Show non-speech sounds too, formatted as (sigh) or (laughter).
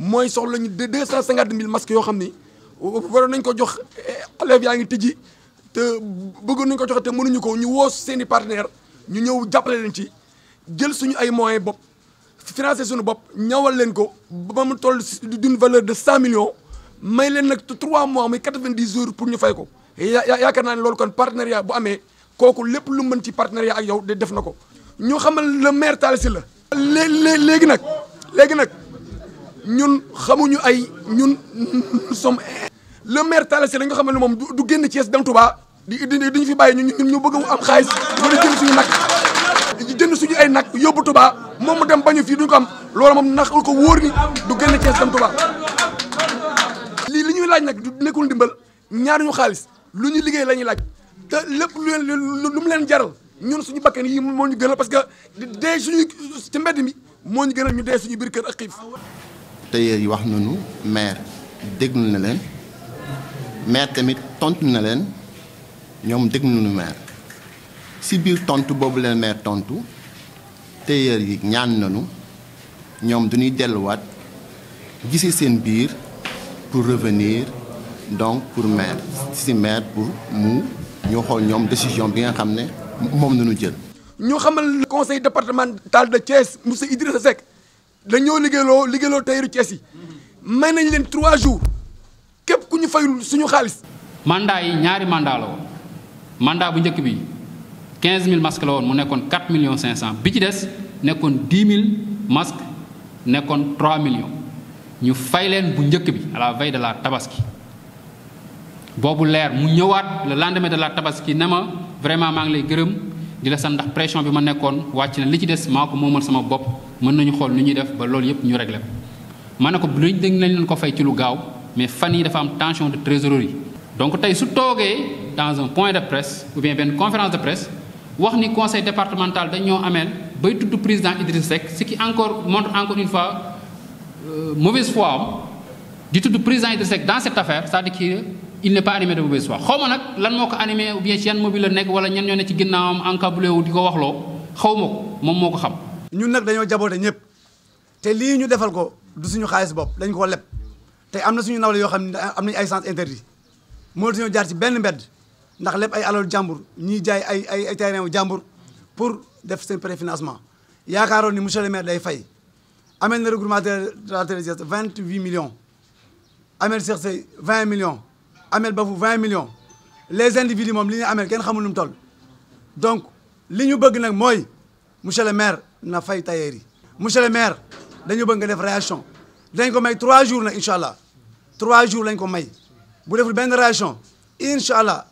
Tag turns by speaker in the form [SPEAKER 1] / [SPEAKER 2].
[SPEAKER 1] mooy soxla ñu deux cent cinquante mille masques yoo xam ni waroon nañ ko jox eh, élèves yaa ngi tijji te bëggoon nañ ko joxe te mënuñu ko ñu woo seeni i partenaire ñu ñëw jàppale leen ci jël suñu ay moyen bopp financé sunu bopp ñawal leen ko ba mu toll d'une valeur de cent millions may leen nag trois mois muy quatre-vingt-dix jours pour ñu fay ko yaakaar naa ni loolu kon partenariat bu amee kooku lépp lu mën ci partenariat ak yow de def na ko ñu xamal le maire Talla Sylla la léegi nag léegi nag ñun xamuñu ay ñun (laughs) som le maire talassé Sylla nga xam mom du génn Thiès dem Touba di di fi di ñun ñu bëgg am mo di jënd suñu di jënd suñu ay nak di Touba mom di dem bañu fi duñ ko am loolu mom di ko woor ni du génn di dem Touba di li ñuy laaj nak du nekkul di ñaar ñu di lu ñu liggéey lañuy di laaj te lepp lu lu mu leen jaral ñun suñu bakkan yi mo ñu gënal parce que dé suñu ci di mi mo ñu gënal ñu dé suñu di kër ak di
[SPEAKER 2] tailleurs yi wax nañu maire déglu na leen maire tamit tontu na leen ñoom déglu nu maire si biir tontu boobu leen maire tontu tailleurs yi ñaan nañu ñoom dañuy delluwaat gisee seen biir pour revenir donc pour maire si maire pour mu ñoo xool ñoom décision bi nga xam ne moom nañu jël. ñu xamal conseil départemental de Thiès monsieur Idrissa Seck.
[SPEAKER 1] dañoo liggéeyloo liggéeyloo tayiru Cees yi may nañ leen trois jours
[SPEAKER 3] képp ku ñu fayul suñu xaalis. mandat yi ñaari mandat la woon mandat bu njëkk bi 15000 masques la woon mu nekkoon million millions 500 bi ci des nekkoon 10000 masques nekkoon 3 millions ñu fay leen bu njëkk bi à la veille de la tabaski boobu leer mu ñëwaat le lendemain de la tabaski ne ma vraiment maa ngi lay gërëm. di la sant ndax pression bi ma nekkoon wàcc na li ci des maa ko moomal sama bopp mën nañu xool nu ñuy def ba loolu yëpp ñu réglé ko ma ne ko luñ dégg nañ leen ko fay ci lu gaaw mais fan yi dafa am tension de trésorerie donc tey su toogee dans un point de presse ou bien benn conférence de presse wax ni conseil départemental dañoo ameel bay tudd président Idriss Seck ce qui encore montre encore une fois euh, mauvaise foi am di tudd président Idriss Seck dans cette affaire c'est-à-dire que il n'est pas animé de mauvaise foi xawma nak lan moko animé ou bien ci yane mobile nek wala ñan ñoo ne ci en câble wu diko ko waxloo xawma mom moko xam ñun nag dañoo jaboote ñep
[SPEAKER 4] te li ñu defal ko du suñu xaliss bop dañ ko lepp te amna suñu nawle yo xam ne am nañu ay sens interdit mo do ñu jaar ci benn mbedd ndax lépp ay alol jambour ñi jaay ay ay terrain wu jàmbur pour def sen préfinancement yaakaaroon ni monsieur le maire day fay amel na regroupement de la télévision 28 millions amel cherché 20 millions amel millions les individus les li amel donc ce bëgg c'est moi. monsieur le maire na fay tailleur monsieur le maire dañu réaction trois jours Inch'Allah. trois jours Vous ko may bu réaction inshallah